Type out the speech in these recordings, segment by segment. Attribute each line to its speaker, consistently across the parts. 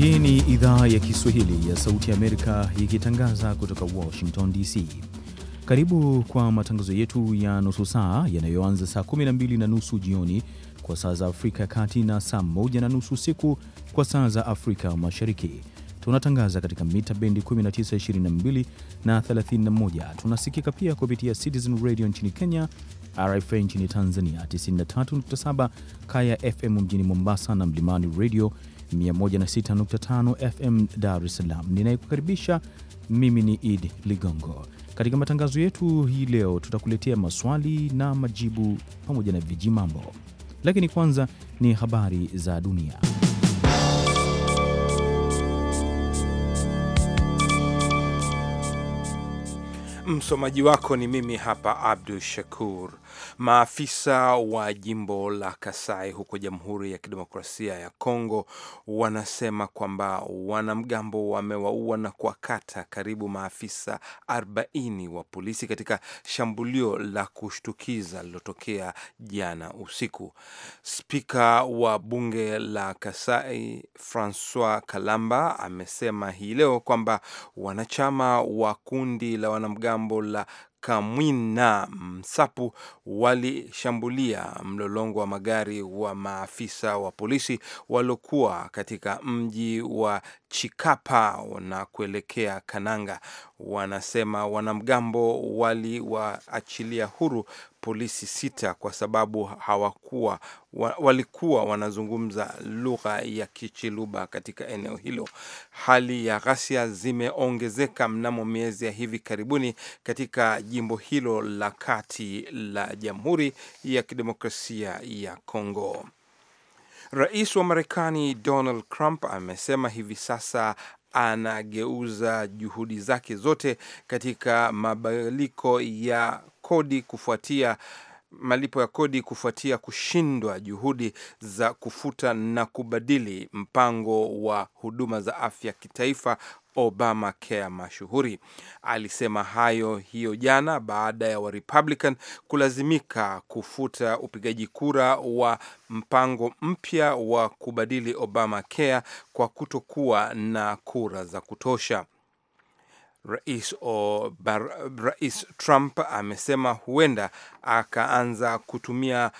Speaker 1: Hii ni idhaa ya Kiswahili ya Sauti ya Amerika ikitangaza kutoka Washington DC. Karibu kwa matangazo yetu ya nusu saa yanayoanza saa 12 na nusu jioni kwa saa za Afrika ya Kati na saa moja na nusu usiku kwa saa za Afrika Mashariki. Tunatangaza katika mita bendi 1922 na 31. Tunasikika pia kupitia Citizen Radio nchini Kenya, RFA nchini Tanzania 93.7, Kaya FM mjini Mombasa na Mlimani Radio 106.5 FM Dar es Salaam. Ninayekukaribisha mimi ni id Ligongo. Katika matangazo yetu hii leo tutakuletea maswali na majibu pamoja na vijimambo mambo lakini kwanza ni habari za dunia. Msomaji
Speaker 2: wako ni mimi hapa Abdu Shakur. Maafisa wa jimbo la Kasai huko Jamhuri ya Kidemokrasia ya Kongo wanasema kwamba wanamgambo wamewaua na kuwakata karibu maafisa 40 wa polisi katika shambulio la kushtukiza lilotokea jana usiku. Spika wa bunge la Kasai Francois Kalamba amesema hii leo kwamba wanachama wa kundi la wanamgambo la Kamwina Msapu walishambulia mlolongo wa magari wa maafisa wa polisi waliokuwa katika mji wa Chikapa na kuelekea Kananga. Wanasema wanamgambo waliwaachilia huru polisi sita kwa sababu hawakuwa wa, walikuwa wanazungumza lugha ya Kichiluba katika eneo hilo. Hali ya ghasia zimeongezeka mnamo miezi ya hivi karibuni katika jimbo hilo la kati la Jamhuri ya Kidemokrasia ya Kongo. Rais wa Marekani Donald Trump amesema hivi sasa anageuza juhudi zake zote katika mabadiliko ya kodi kufuatia malipo ya kodi kufuatia kushindwa juhudi za kufuta na kubadili mpango wa huduma za afya kitaifa Obama Care mashuhuri. Alisema hayo hiyo jana baada ya Warepublican kulazimika kufuta upigaji kura wa mpango mpya wa kubadili Obama Care kwa kutokuwa na kura za kutosha. Rais, Rais Trump amesema huenda akaanza kutumia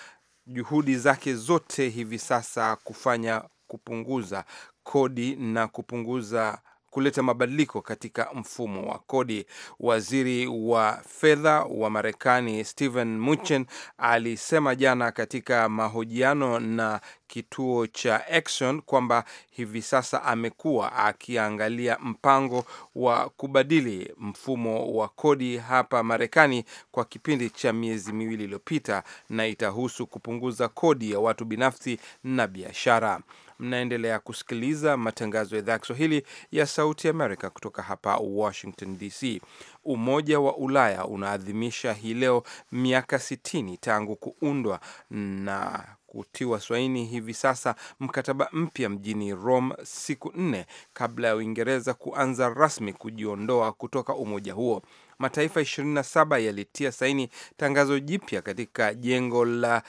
Speaker 2: juhudi zake zote hivi sasa kufanya kupunguza kodi na kupunguza kuleta mabadiliko katika mfumo wa kodi. Waziri wa fedha wa Marekani Steven Mnuchin alisema jana katika mahojiano na kituo cha Exxon kwamba hivi sasa amekuwa akiangalia mpango wa kubadili mfumo wa kodi hapa Marekani kwa kipindi cha miezi miwili iliyopita, na itahusu kupunguza kodi ya watu binafsi na biashara. Mnaendelea kusikiliza matangazo ya idhaa ya Kiswahili ya Sauti Amerika kutoka hapa Washington DC. Umoja wa Ulaya unaadhimisha hii leo miaka 60 tangu kuundwa na kutiwa saini hivi sasa mkataba mpya mjini Rome, siku nne kabla ya Uingereza kuanza rasmi kujiondoa kutoka umoja huo. Mataifa 27 yalitia saini tangazo jipya katika jengo la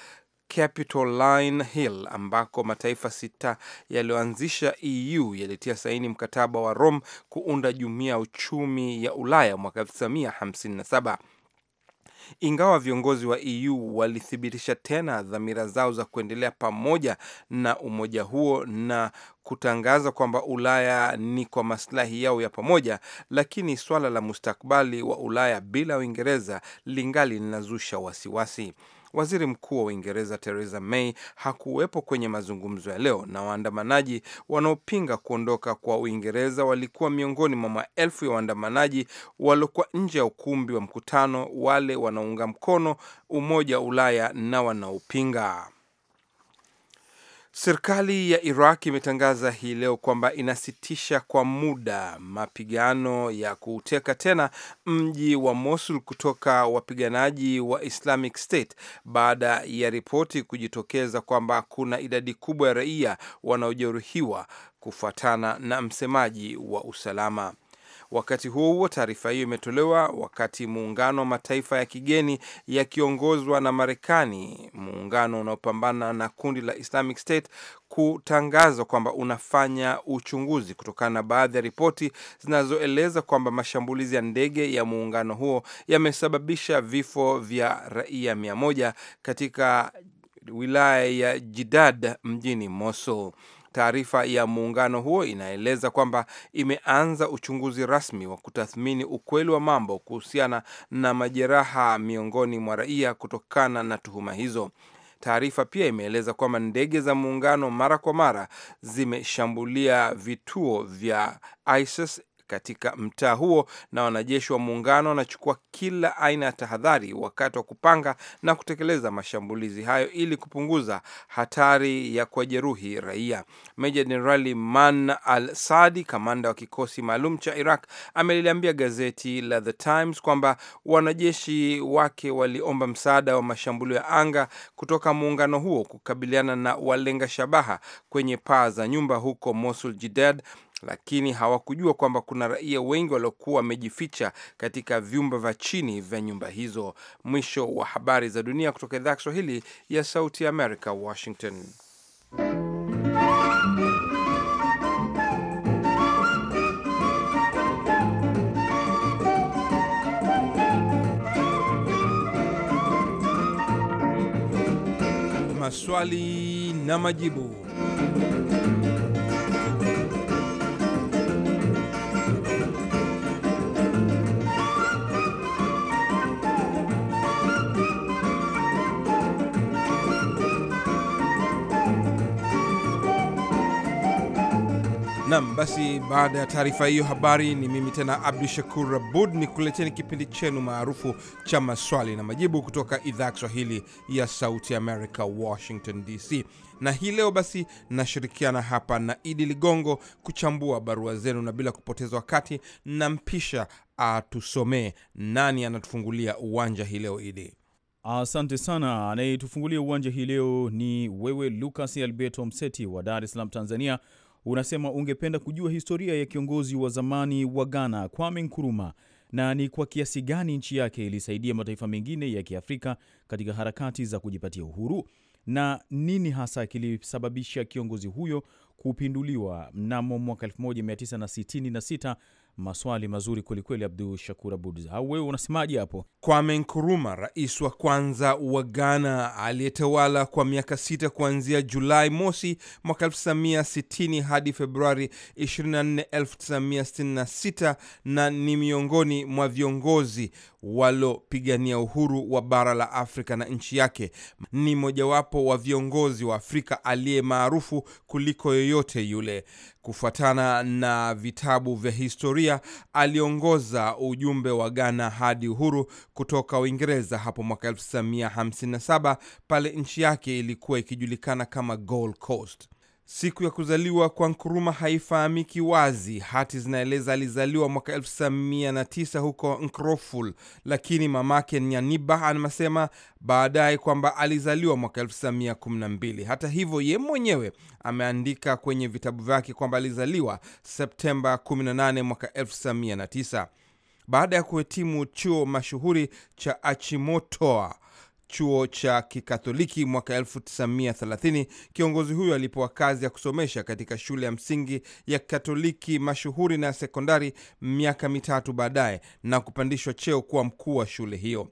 Speaker 2: Capitol Line Hill ambako mataifa sita yaliyoanzisha EU yalitia saini mkataba wa Rome kuunda jumuiya ya uchumi ya Ulaya mwaka 1957. Ingawa viongozi wa EU walithibitisha tena dhamira zao za kuendelea pamoja na umoja huo na kutangaza kwamba Ulaya ni kwa maslahi yao ya pamoja, lakini swala la mustakabali wa Ulaya bila Uingereza lingali linazusha wasiwasi waziri mkuu wa Uingereza Theresa May hakuwepo kwenye mazungumzo ya leo, na waandamanaji wanaopinga kuondoka kwa Uingereza walikuwa miongoni mwa maelfu ya waandamanaji waliokuwa nje ya ukumbi wa mkutano, wale wanaunga mkono umoja wa Ulaya na wanaopinga Serikali ya Iraq imetangaza hii leo kwamba inasitisha kwa muda mapigano ya kuteka tena mji wa Mosul kutoka wapiganaji wa Islamic State baada ya ripoti kujitokeza kwamba kuna idadi kubwa ya raia wanaojeruhiwa, kufuatana na msemaji wa usalama. Wakati huo huo, taarifa hiyo imetolewa wakati muungano wa mataifa ya kigeni yakiongozwa na Marekani, muungano unaopambana na kundi la Islamic State kutangaza kwamba unafanya uchunguzi kutokana na baadhi ya ripoti zinazoeleza kwamba mashambulizi ya ndege ya muungano huo yamesababisha vifo vya raia mia moja katika wilaya ya Jidad mjini Mosul. Taarifa ya muungano huo inaeleza kwamba imeanza uchunguzi rasmi wa kutathmini ukweli wa mambo kuhusiana na majeraha miongoni mwa raia kutokana na tuhuma hizo. Taarifa pia imeeleza kwamba ndege za muungano mara kwa mara zimeshambulia vituo vya ISIS katika mtaa huo, na wanajeshi wa muungano wanachukua kila aina ya tahadhari wakati wa kupanga na kutekeleza mashambulizi hayo ili kupunguza hatari ya kuwajeruhi raia. Meja Jenerali Man Al Sadi, kamanda wa kikosi maalum cha Iraq, ameliambia gazeti la The Times kwamba wanajeshi wake waliomba msaada wa mashambulio ya anga kutoka muungano huo kukabiliana na walenga shabaha kwenye paa za nyumba huko Mosul Jidad lakini hawakujua kwamba kuna raia wengi waliokuwa wamejificha katika vyumba vya chini vya nyumba hizo. Mwisho wa habari za dunia kutoka idhaa ya Kiswahili ya Sauti ya Amerika, Washington. Maswali na majibu. Nam, basi baada ya taarifa hiyo habari, ni mimi tena Abdu Shakur Abud ni kuleteni kipindi chenu maarufu cha maswali na majibu kutoka idhaa ya Kiswahili ya Sauti America, Washington DC. Na hii leo basi nashirikiana hapa na Idi Ligongo kuchambua barua zenu, na bila kupoteza wakati nampisha atusomee nani anatufungulia
Speaker 1: uwanja hii leo. Idi, asante sana. Anayetufungulia uwanja hii leo ni wewe lukas Alberto Mseti wa Dar es Salaam, Tanzania unasema ungependa kujua historia ya kiongozi wa zamani wa Ghana Kwame Nkrumah na ni kwa kiasi gani nchi yake ilisaidia mataifa mengine ya Kiafrika katika harakati za kujipatia uhuru na nini hasa kilisababisha kiongozi huyo kupinduliwa mnamo mwaka 1966 Maswali mazuri kwelikweli, Abdu Shakur Abud, au wewe unasemaje hapo? Kwame Nkuruma, rais wa kwanza wa Ghana aliyetawala kwa miaka sita
Speaker 2: kuanzia Julai mosi mwaka 1960 hadi Februari 24, 1966 na ni miongoni mwa viongozi walopigania uhuru wa bara la Afrika na nchi yake. Ni mojawapo wa viongozi wa Afrika aliye maarufu kuliko yoyote yule. Kufuatana na vitabu vya historia, aliongoza ujumbe wa Ghana hadi uhuru kutoka Uingereza hapo mwaka 1957 pale nchi yake ilikuwa ikijulikana kama Gold Coast. Siku ya kuzaliwa kwa nkuruma haifahamiki wazi. Hati zinaeleza alizaliwa mwaka 1909 huko Nkroful, lakini mamake Nyaniba anasema baadaye kwamba alizaliwa mwaka 1912. Hata hivyo, ye mwenyewe ameandika kwenye vitabu vyake kwamba alizaliwa Septemba 18 mwaka 1909 baada ya kuhitimu chuo mashuhuri cha Achimotoa chuo cha Kikatoliki mwaka 1930. Kiongozi huyo alipewa kazi ya kusomesha katika shule ya msingi ya Katoliki mashuhuri na sekondari miaka mitatu baadaye na kupandishwa cheo kuwa mkuu wa shule hiyo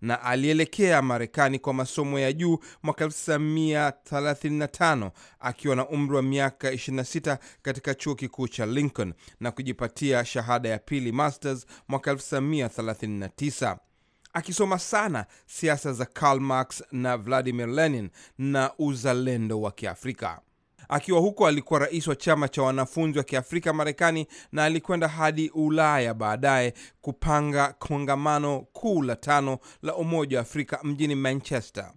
Speaker 2: na alielekea Marekani kwa masomo ya juu mwaka 1935 akiwa na umri wa miaka 26 katika chuo kikuu cha Lincoln na kujipatia shahada ya pili masters mwaka 1939 akisoma sana siasa za Karl Marx na Vladimir Lenin na uzalendo wa Kiafrika. Akiwa huko alikuwa rais wa chama cha wanafunzi wa Kiafrika Marekani, na alikwenda hadi Ulaya baadaye kupanga kongamano kuu la tano la Umoja wa Afrika mjini Manchester.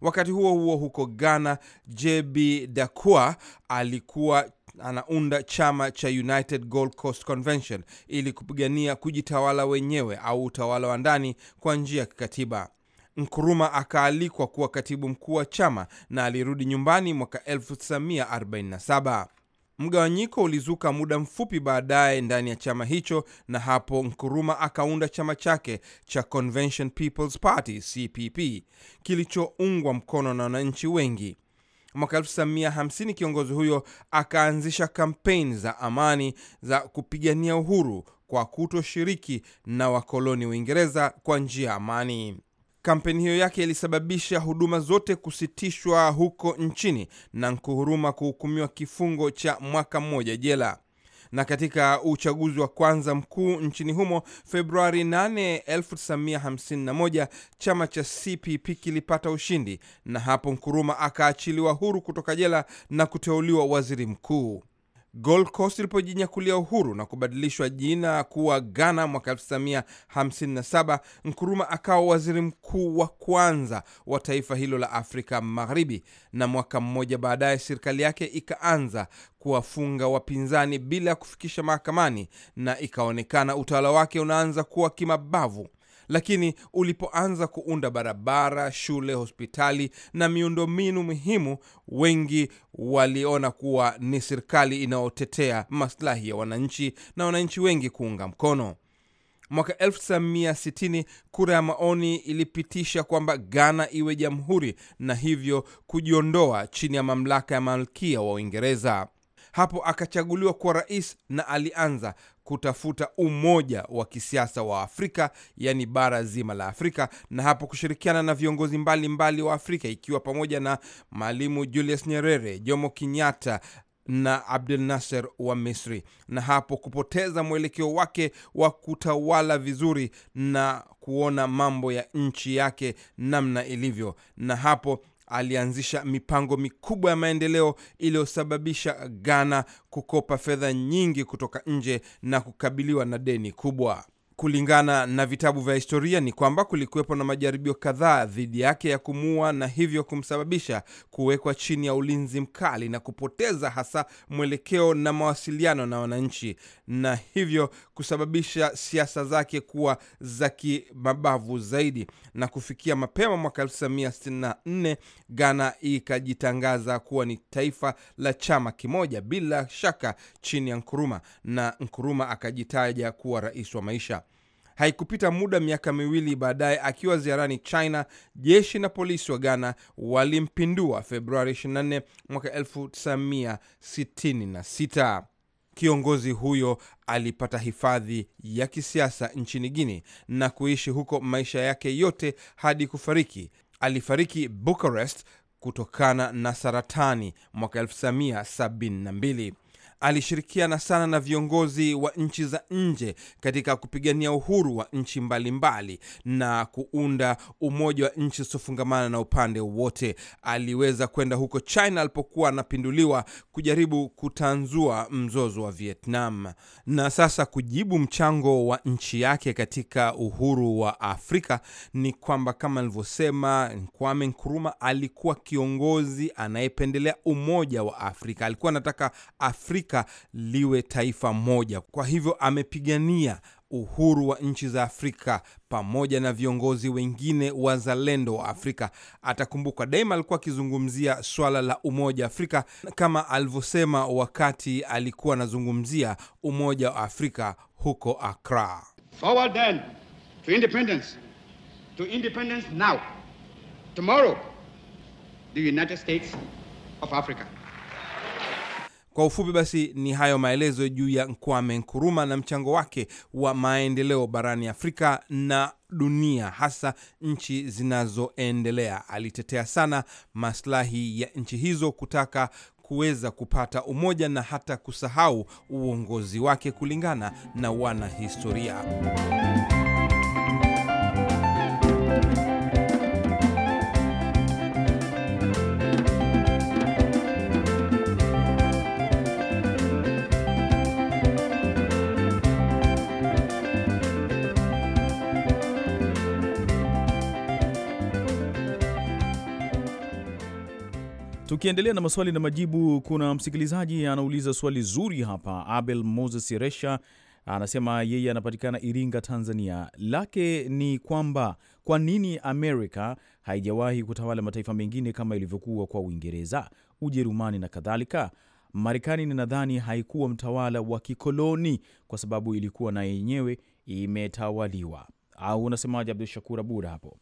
Speaker 2: Wakati huo huo, huko Ghana, JB Dakua alikuwa anaunda chama cha United Gold Coast Convention ili kupigania kujitawala wenyewe au utawala wa ndani kwa njia ya kikatiba. Nkuruma akaalikwa kuwa katibu mkuu wa chama na alirudi nyumbani mwaka 1947. Mgawanyiko ulizuka muda mfupi baadaye ndani ya chama hicho, na hapo Nkuruma akaunda chama chake cha Convention People's Party CPP kilichoungwa mkono na wananchi wengi. Mwaka 1950 kiongozi huyo akaanzisha kampeni za amani za kupigania uhuru kwa kutoshiriki na wakoloni Uingereza kwa njia ya amani. Kampeni hiyo yake ilisababisha huduma zote kusitishwa huko nchini na Nkuhuruma kuhukumiwa kifungo cha mwaka mmoja jela. Na katika uchaguzi wa kwanza mkuu nchini humo Februari 8, 1951 chama cha CPP kilipata ushindi, na hapo Nkuruma akaachiliwa huru kutoka jela na kuteuliwa waziri mkuu. Gold Coast ilipojinyakulia uhuru na kubadilishwa jina kuwa Ghana mwaka 1957, Nkuruma akawa waziri mkuu wa kwanza wa taifa hilo la Afrika Magharibi, na mwaka mmoja baadaye serikali yake ikaanza kuwafunga wapinzani bila ya kufikisha mahakamani, na ikaonekana utawala wake unaanza kuwa kimabavu lakini ulipoanza kuunda barabara, shule, hospitali na miundombinu muhimu, wengi waliona kuwa ni serikali inayotetea maslahi ya wananchi na wananchi wengi kuunga mkono. Mwaka 1960 kura ya maoni ilipitisha kwamba Ghana iwe jamhuri na hivyo kujiondoa chini ya mamlaka ya malkia wa Uingereza. Hapo akachaguliwa kuwa rais na alianza kutafuta umoja wa kisiasa wa Afrika, yaani bara zima la Afrika, na hapo kushirikiana na viongozi mbalimbali mbali wa Afrika, ikiwa pamoja na Mwalimu Julius Nyerere, Jomo Kenyatta na Abdel Nasser wa Misri, na hapo kupoteza mwelekeo wake wa kutawala vizuri na kuona mambo ya nchi yake namna ilivyo, na hapo alianzisha mipango mikubwa ya maendeleo iliyosababisha Ghana kukopa fedha nyingi kutoka nje na kukabiliwa na deni kubwa. Kulingana na vitabu vya historia ni kwamba kulikuwepo na majaribio kadhaa dhidi yake ya kumuua na hivyo kumsababisha kuwekwa chini ya ulinzi mkali na kupoteza hasa mwelekeo na mawasiliano na wananchi, na hivyo kusababisha siasa zake kuwa za kimabavu zaidi, na kufikia mapema mwaka 1964 Ghana ikajitangaza kuwa ni taifa la chama kimoja bila shaka chini ya nkuruma na nkuruma akajitaja kuwa rais wa maisha. Haikupita muda, miaka miwili baadaye, akiwa ziarani China, jeshi na polisi wa Ghana walimpindua Februari 24 mwaka 1966. Kiongozi huyo alipata hifadhi ya kisiasa nchini Guinea na kuishi huko maisha yake yote hadi kufariki. Alifariki Bucharest kutokana na saratani mwaka 1972 alishirikiana sana na viongozi wa nchi za nje katika kupigania uhuru wa nchi mbalimbali na kuunda umoja wa nchi usiofungamana na upande wote. Aliweza kwenda huko China alipokuwa anapinduliwa kujaribu kutanzua mzozo wa Vietnam, na sasa kujibu mchango wa nchi yake katika uhuru wa Afrika ni kwamba kama alivyosema Kwame Nkrumah alikuwa kiongozi anayependelea umoja wa Afrika, alikuwa anataka Afrika Afrika liwe taifa moja. Kwa hivyo amepigania uhuru wa nchi za Afrika pamoja na viongozi wengine wazalendo wa Afrika. Atakumbukwa daima, alikuwa akizungumzia swala la umoja wa Afrika kama alivyosema wakati alikuwa anazungumzia umoja
Speaker 3: wa Afrika
Speaker 2: huko Accra.
Speaker 3: Forward then to independence. To independence now. Tomorrow, the United States of Africa.
Speaker 2: Kwa ufupi basi ni hayo maelezo juu ya Kwame Nkuruma na mchango wake wa maendeleo barani Afrika na dunia, hasa nchi zinazoendelea. Alitetea sana maslahi ya nchi hizo kutaka kuweza kupata umoja na hata kusahau uongozi wake kulingana na wanahistoria.
Speaker 1: Tukiendelea na maswali na majibu, kuna msikilizaji anauliza swali zuri hapa. Abel Moses Resha anasema yeye anapatikana Iringa, Tanzania. Lake ni kwamba kwa nini Amerika haijawahi kutawala mataifa mengine kama ilivyokuwa kwa Uingereza, Ujerumani na kadhalika. Marekani ninadhani haikuwa mtawala wa kikoloni kwa sababu ilikuwa na yenyewe imetawaliwa. Au unasemaje, Abdul Shakur Abura hapo?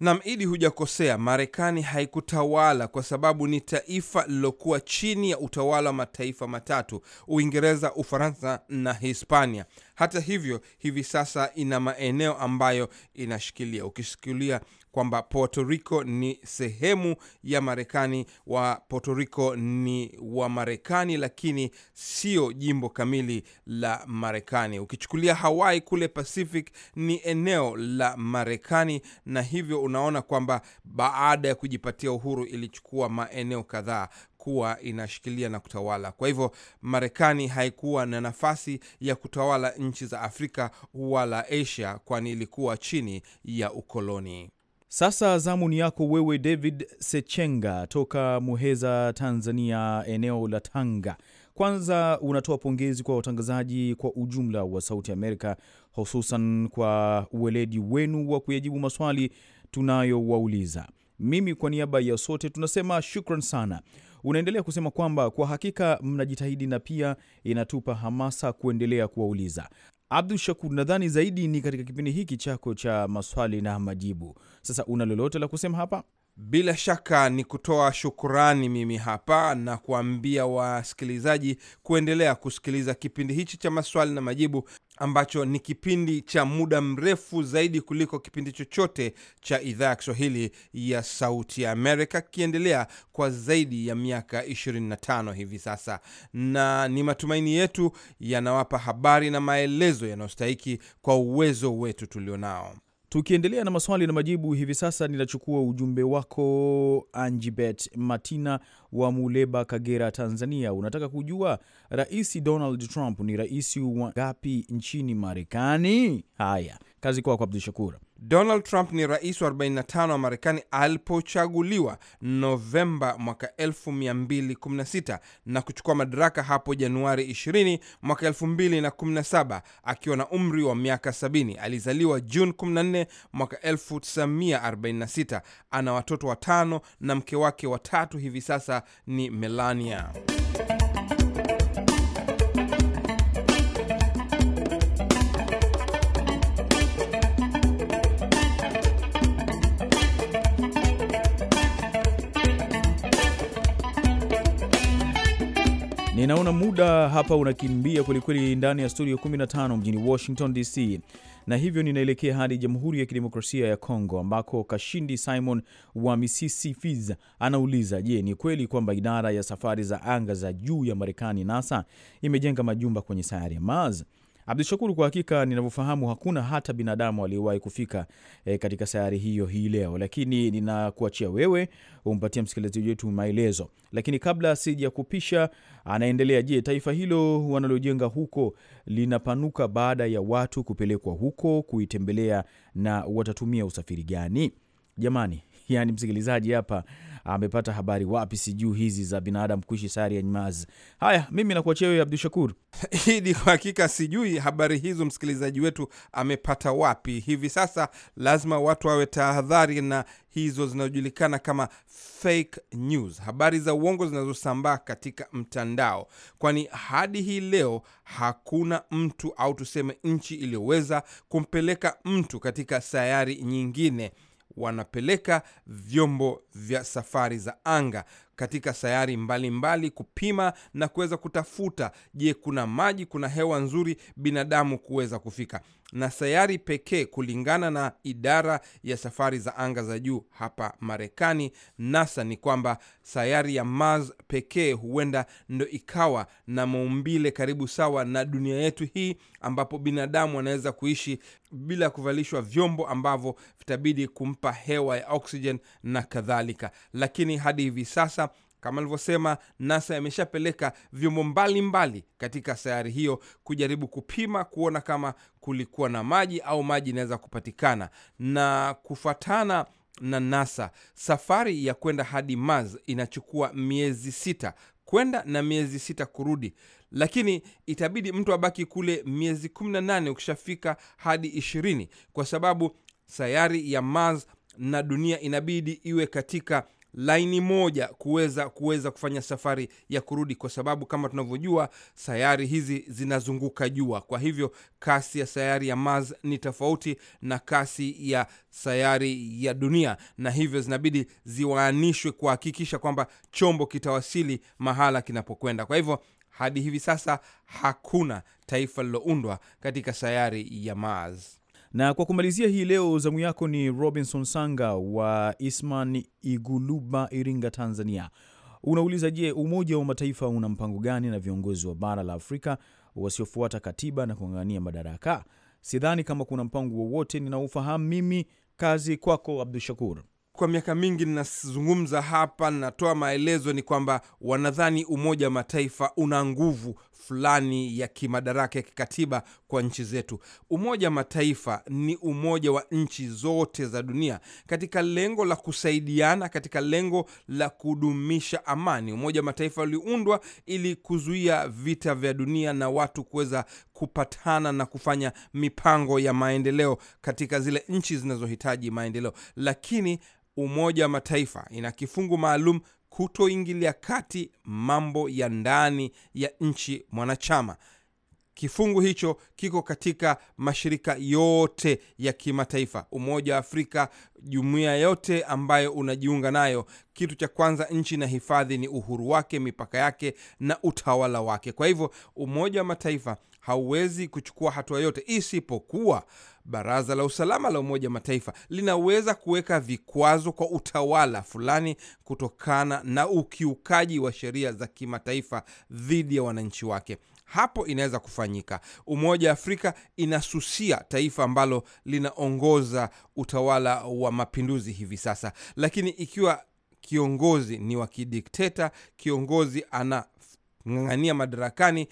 Speaker 1: Nam Idi, hujakosea. Marekani haikutawala kwa sababu ni
Speaker 2: taifa lilokuwa chini ya utawala wa mataifa matatu: Uingereza, Ufaransa na Hispania. Hata hivyo, hivi sasa ina maeneo ambayo inashikilia. Ukishikilia kwamba Puerto Rico ni sehemu ya Marekani, wa Puerto Rico ni wa Marekani, lakini sio jimbo kamili la Marekani. Ukichukulia Hawaii kule Pacific ni eneo la Marekani, na hivyo unaona kwamba baada ya kujipatia uhuru ilichukua maeneo kadhaa kuwa inashikilia na kutawala. Kwa hivyo Marekani haikuwa na nafasi ya kutawala nchi za Afrika wala Asia, kwani ilikuwa chini ya ukoloni.
Speaker 1: Sasa zamu ni yako wewe David Sechenga toka Muheza, Tanzania, eneo la Tanga. Kwanza unatoa pongezi kwa watangazaji kwa ujumla wa Sauti Amerika, hususan kwa uweledi wenu wa kuyajibu maswali tunayowauliza. Mimi kwa niaba ya sote tunasema shukran sana. Unaendelea kusema kwamba kwa hakika mnajitahidi na pia inatupa hamasa kuendelea kuwauliza. Abdu Shakur, nadhani zaidi ni katika kipindi hiki chako cha maswali na majibu. Sasa una lolote la kusema hapa? Bila shaka ni kutoa shukurani mimi
Speaker 2: hapa na kuambia wasikilizaji kuendelea kusikiliza kipindi hichi cha maswali na majibu ambacho ni kipindi cha muda mrefu zaidi kuliko kipindi chochote cha idhaa ya Kiswahili ya Sauti ya Amerika, kikiendelea kwa zaidi ya miaka 25 hivi sasa, na ni matumaini yetu yanawapa habari na maelezo yanayostahiki kwa uwezo wetu tulionao.
Speaker 1: Tukiendelea na maswali na majibu hivi sasa, ninachukua ujumbe wako Anjibet Matina wa Muleba, Kagera, Tanzania. Unataka kujua Rais Donald Trump ni rais wa ngapi nchini Marekani? Haya, kazi kwako Abdu Shakur. Donald Trump
Speaker 2: ni rais wa 45 wa Marekani alipochaguliwa Novemba mwaka 2016 na kuchukua madaraka hapo Januari 20 mwaka 2017 akiwa na umri wa miaka 70. Alizaliwa Juni 14 mwaka 1946. Ana watoto watano na mke wake watatu hivi sasa ni Melania.
Speaker 1: Ninaona muda hapa unakimbia kwelikweli ndani ya studio 15 mjini Washington DC, na hivyo ninaelekea hadi Jamhuri ya Kidemokrasia ya Kongo ambako Kashindi Simon wa Misisifiz anauliza, je, ni kweli kwamba idara ya safari za anga za juu ya Marekani NASA imejenga majumba kwenye sayari ya Mars? Abdushakuru, kwa hakika ninavyofahamu hakuna hata binadamu aliyewahi kufika e, katika sayari hiyo hii leo, lakini ninakuachia wewe umpatie msikilizaji wetu maelezo. Lakini kabla sija kupisha, anaendelea. Je, taifa hilo wanalojenga huko linapanuka baada ya watu kupelekwa huko kuitembelea, na watatumia usafiri gani? Jamani, yani msikilizaji hapa amepata habari wapi sijuu hizi za binadamu kuishi sayari ya Nyamaz. Haya, mimi nakuachia wewe Abdu Shakur. hidi kwa hakika
Speaker 2: sijui habari hizo msikilizaji wetu amepata wapi. Hivi sasa lazima watu wawe tahadhari na hizo zinazojulikana kama fake news, habari za uongo zinazosambaa katika mtandao, kwani hadi hii leo hakuna mtu au tuseme nchi iliyoweza kumpeleka mtu katika sayari nyingine wanapeleka vyombo vya safari za anga katika sayari mbalimbali mbali, kupima na kuweza kutafuta, je, kuna maji, kuna hewa nzuri binadamu kuweza kufika. Na sayari pekee, kulingana na idara ya safari za anga za juu hapa Marekani, NASA, ni kwamba sayari ya Mars pekee huenda ndo ikawa na maumbile karibu sawa na dunia yetu hii, ambapo binadamu anaweza kuishi bila kuvalishwa vyombo ambavyo vitabidi kumpa hewa ya oksijen na kadhalika, lakini hadi hivi sasa kama alivyosema, NASA imeshapeleka vyombo mbalimbali katika sayari hiyo kujaribu kupima, kuona kama kulikuwa na maji au maji inaweza kupatikana. Na kufuatana na NASA, safari ya kwenda hadi Mars inachukua miezi sita kwenda na miezi sita kurudi, lakini itabidi mtu abaki kule miezi 18 ukishafika hadi 20 kwa sababu sayari ya Mars na dunia inabidi iwe katika laini moja kuweza kuweza kufanya safari ya kurudi, kwa sababu kama tunavyojua sayari hizi zinazunguka jua. Kwa hivyo kasi ya sayari ya Mars ni tofauti na kasi ya sayari ya dunia, na hivyo zinabidi ziwaanishwe kuhakikisha kwamba chombo kitawasili mahala kinapokwenda. Kwa hivyo hadi hivi sasa hakuna taifa
Speaker 1: lililoundwa katika sayari ya Mars. Na kwa kumalizia hii leo, zamu yako ni Robinson Sanga wa Isman Iguluba, Iringa, Tanzania. Unauliza, je, Umoja wa Mataifa una mpango gani na viongozi wa bara la Afrika wasiofuata katiba na kung'ang'ania madaraka? Sidhani kama kuna mpango wowote ninaufahamu mimi. Kazi kwako Abdu Shakur. Kwa miaka mingi ninazungumza hapa, ninatoa maelezo, ni kwamba
Speaker 2: wanadhani Umoja wa Mataifa una nguvu fulani ya kimadaraka ya kikatiba kwa nchi zetu. Umoja wa Mataifa ni umoja wa nchi zote za dunia katika lengo la kusaidiana, katika lengo la kudumisha amani. Umoja wa Mataifa uliundwa ili kuzuia vita vya dunia na watu kuweza kupatana na kufanya mipango ya maendeleo katika zile nchi zinazohitaji maendeleo, lakini Umoja wa Mataifa ina kifungu maalum kutoingilia kati mambo ya ndani ya nchi mwanachama. Kifungu hicho kiko katika mashirika yote ya kimataifa, Umoja wa Afrika, jumuiya yote ambayo unajiunga nayo. Kitu cha kwanza nchi na hifadhi ni uhuru wake, mipaka yake na utawala wake. Kwa hivyo, Umoja wa Mataifa hauwezi kuchukua hatua yote isipokuwa Baraza la Usalama la Umoja Mataifa linaweza kuweka vikwazo kwa utawala fulani kutokana na ukiukaji wa sheria za kimataifa dhidi ya wananchi wake. Hapo inaweza kufanyika. Umoja wa Afrika inasusia taifa ambalo linaongoza utawala wa mapinduzi hivi sasa, lakini ikiwa kiongozi ni wa kidikteta, kiongozi anang'ang'ania madarakani,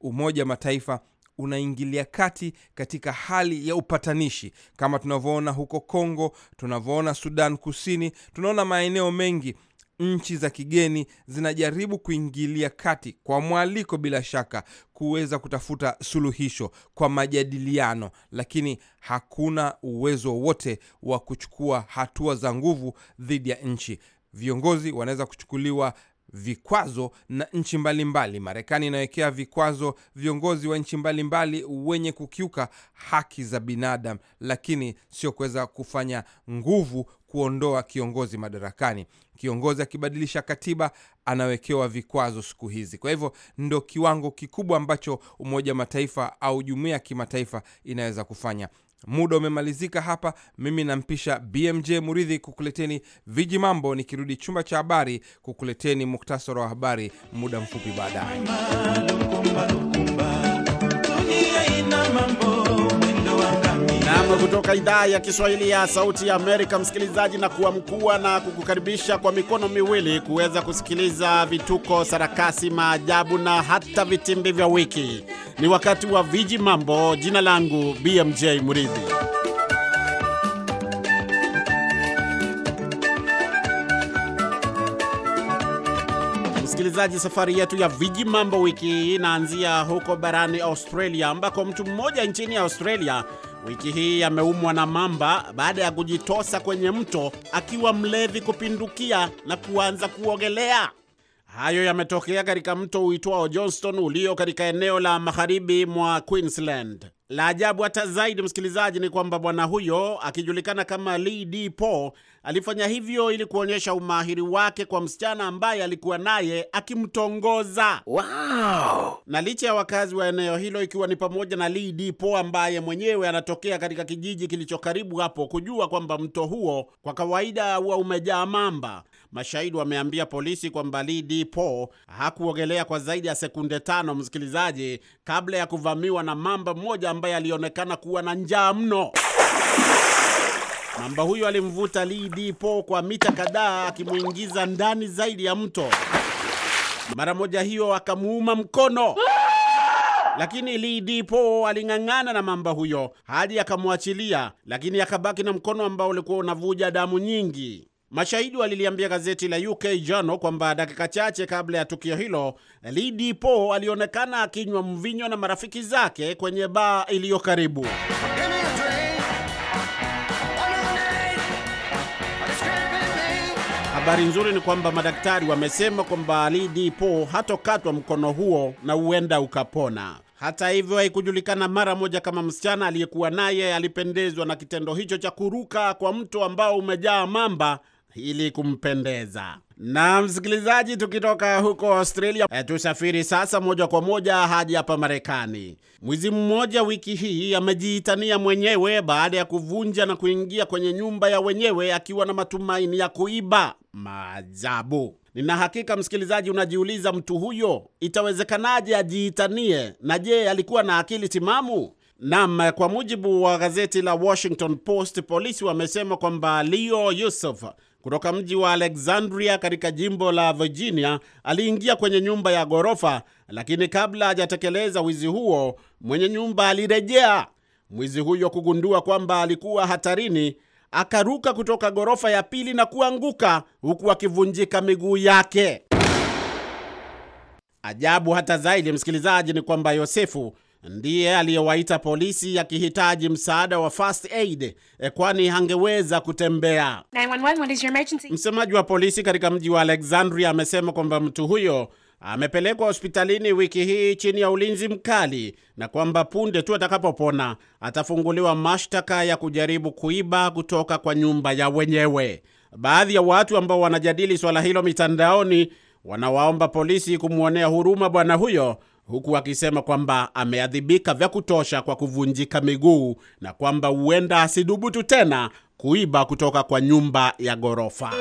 Speaker 2: Umoja Mataifa unaingilia kati katika hali ya upatanishi, kama tunavyoona huko Kongo, tunavyoona Sudan Kusini, tunaona maeneo mengi nchi za kigeni zinajaribu kuingilia kati kwa mwaliko, bila shaka, kuweza kutafuta suluhisho kwa majadiliano, lakini hakuna uwezo wote wa kuchukua hatua za nguvu dhidi ya nchi. Viongozi wanaweza kuchukuliwa vikwazo na nchi mbalimbali. Marekani inawekea vikwazo viongozi wa nchi mbalimbali wenye kukiuka haki za binadamu, lakini sio kuweza kufanya nguvu kuondoa kiongozi madarakani. Kiongozi akibadilisha katiba anawekewa vikwazo siku hizi. Kwa hivyo ndo kiwango kikubwa ambacho Umoja wa Mataifa au jumuiya ya kimataifa inaweza kufanya. Muda umemalizika hapa. Mimi nampisha BMJ Muridhi kukuleteni viji mambo, nikirudi chumba cha habari kukuleteni muktasari
Speaker 3: wa habari muda mfupi
Speaker 2: baadaye.
Speaker 3: kutoka idhaa ya Kiswahili ya Sauti ya Amerika, msikilizaji, na kuamkua na kukukaribisha kwa mikono miwili kuweza kusikiliza vituko, sarakasi, maajabu na hata vitimbi vya wiki. Ni wakati wa viji mambo. Jina langu BMJ Muridhi. Msikilizaji, safari yetu ya viji mambo wiki hii inaanzia huko barani Australia, ambako mtu mmoja nchini Australia wiki hii ameumwa na mamba baada ya kujitosa kwenye mto akiwa mlevi kupindukia na kuanza kuogelea. Hayo yametokea katika mto uitwao Johnston ulio katika eneo la magharibi mwa Queensland. La ajabu hata zaidi, msikilizaji, ni kwamba bwana huyo akijulikana kama Lee D alifanya hivyo ili kuonyesha umahiri wake kwa msichana ambaye alikuwa naye akimtongoza. Wow! Na licha ya wakazi wa eneo hilo, ikiwa ni pamoja na Lee D ambaye mwenyewe anatokea katika kijiji kilicho karibu hapo, kujua kwamba mto huo kwa kawaida huwa umejaa mamba, Mashahidi wameambia polisi kwamba Lee Dipo hakuogelea kwa zaidi ya sekunde tano, msikilizaji, kabla ya kuvamiwa na mamba mmoja ambaye alionekana kuwa na njaa mno. Mamba huyo alimvuta Lee Dipo kwa mita kadhaa, akimuingiza ndani zaidi ya mto. Mara moja hiyo akamuuma mkono lakini Lee Dipo aling'ang'ana na mamba huyo hadi akamwachilia, lakini akabaki na mkono ambao ulikuwa unavuja damu nyingi. Mashahidi waliliambia gazeti la UK Journal kwamba dakika chache kabla ya tukio hilo, Lidi Po alionekana akinywa mvinyo na marafiki zake kwenye baa iliyo karibu. Habari nzuri ni kwamba madaktari wamesema kwamba Lidi Po hatokatwa mkono huo na huenda ukapona. Hata hivyo haikujulikana mara moja kama msichana aliyekuwa naye alipendezwa na kitendo hicho cha kuruka kwa mto ambao umejaa mamba ili kumpendeza. Na msikilizaji, tukitoka huko Australia e, tusafiri sasa moja kwa moja hadi hapa Marekani. Mwizi mmoja wiki hii amejiitania mwenyewe baada ya kuvunja na kuingia kwenye nyumba ya wenyewe akiwa na matumaini ya kuiba. Maajabu! Nina hakika msikilizaji, unajiuliza mtu huyo itawezekanaje ajiitanie, na je, alikuwa na akili timamu? Naam, kwa mujibu wa gazeti la Washington Post, polisi wamesema kwamba Leo Yusuf kutoka mji wa Alexandria katika jimbo la Virginia aliingia kwenye nyumba ya ghorofa, lakini kabla hajatekeleza wizi huo, mwenye nyumba alirejea. Mwizi huyo kugundua kwamba alikuwa hatarini, akaruka kutoka ghorofa ya pili na kuanguka huku akivunjika miguu yake. Ajabu hata zaidi, msikilizaji, ni kwamba Yosefu ndiye aliyewaita polisi akihitaji msaada wa first aid, e, kwani hangeweza kutembea. Msemaji wa polisi katika mji wa Alexandria amesema kwamba mtu huyo amepelekwa hospitalini wiki hii chini ya ulinzi mkali na kwamba punde tu atakapopona atafunguliwa mashtaka ya kujaribu kuiba kutoka kwa nyumba ya wenyewe. Baadhi ya watu ambao wanajadili swala hilo mitandaoni wanawaomba polisi kumwonea huruma bwana huyo huku akisema kwamba ameadhibika vya kutosha kwa kuvunjika miguu na kwamba huenda asidhubutu tena kuiba kutoka kwa nyumba ya ghorofa.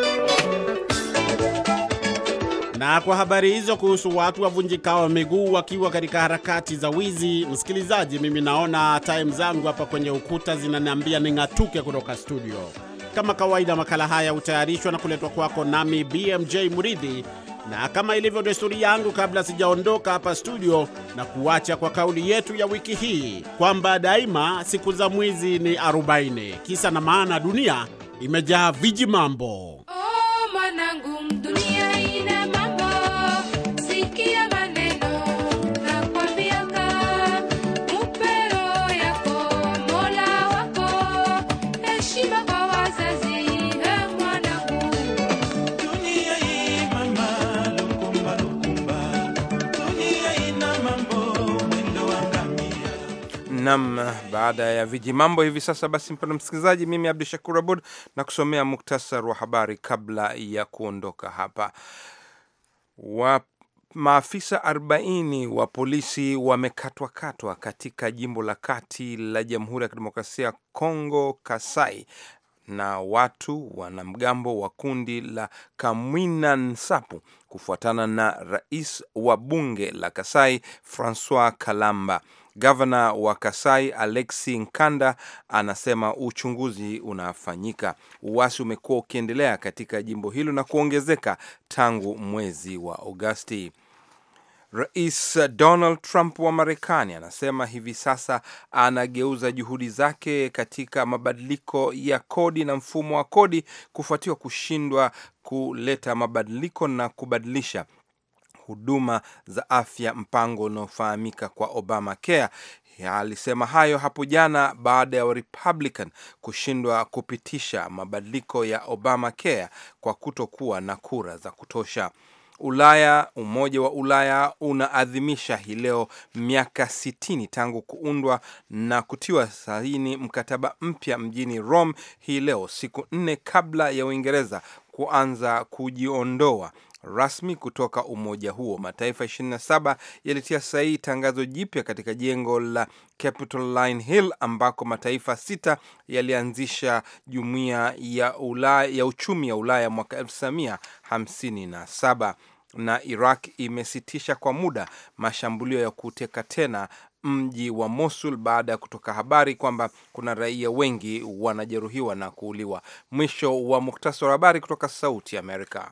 Speaker 3: Na kwa habari hizo kuhusu watu wavunjikao miguu wakiwa katika harakati za wizi, msikilizaji, mimi naona time zangu hapa kwenye ukuta zinaniambia ning'atuke kutoka studio. Kama kawaida, makala haya hutayarishwa na kuletwa kwako nami BMJ Muridhi na kama ilivyo desturi yangu, kabla sijaondoka hapa studio, na kuacha kwa kauli yetu ya wiki hii kwamba daima siku za mwizi ni 40. Kisa na maana, dunia imejaa viji mambo.
Speaker 2: Oh, dunia ina mambo. Sikia Nam, baada ya viji mambo hivi sasa, basi mpendo msikilizaji, mimi Abdu Shakur Abud na kusomea muktasar wa habari kabla ya kuondoka hapa wa maafisa 40 wa polisi wamekatwakatwa katika jimbo la kati la Jamhuri ya Kidemokrasia ya Kongo, Kasai, na watu wanamgambo wa kundi la Kamwina Nsapu kufuatana na rais wa bunge la Kasai Francois Kalamba. Gavana wa Kasai Alexi Nkanda anasema uchunguzi unafanyika. Uasi umekuwa ukiendelea katika jimbo hilo na kuongezeka tangu mwezi wa Agosti. Rais Donald Trump wa Marekani anasema hivi sasa anageuza juhudi zake katika mabadiliko ya kodi na mfumo wa kodi kufuatiwa kushindwa kuleta mabadiliko na kubadilisha huduma za afya, mpango unaofahamika kwa Obamacare. Alisema hayo hapo jana baada ya Warepublican kushindwa kupitisha mabadiliko ya Obamacare kwa kutokuwa na kura za kutosha. Ulaya, Umoja wa Ulaya unaadhimisha hii leo miaka 60 tangu kuundwa na kutiwa saini mkataba mpya mjini Rome hii leo, siku nne kabla ya Uingereza kuanza kujiondoa rasmi kutoka umoja huo. Mataifa 27 yalitia sahihi tangazo jipya katika jengo la Capitol Line Hill ambako mataifa sita yalianzisha jumuiya ya Ulaya, ya uchumi ya Ulaya mwaka 1957 na Iraq imesitisha kwa muda mashambulio ya kuteka tena mji wa Mosul baada ya kutoka habari kwamba kuna raia wengi wanajeruhiwa na kuuliwa. Mwisho wa muktasari wa habari kutoka Sauti Amerika.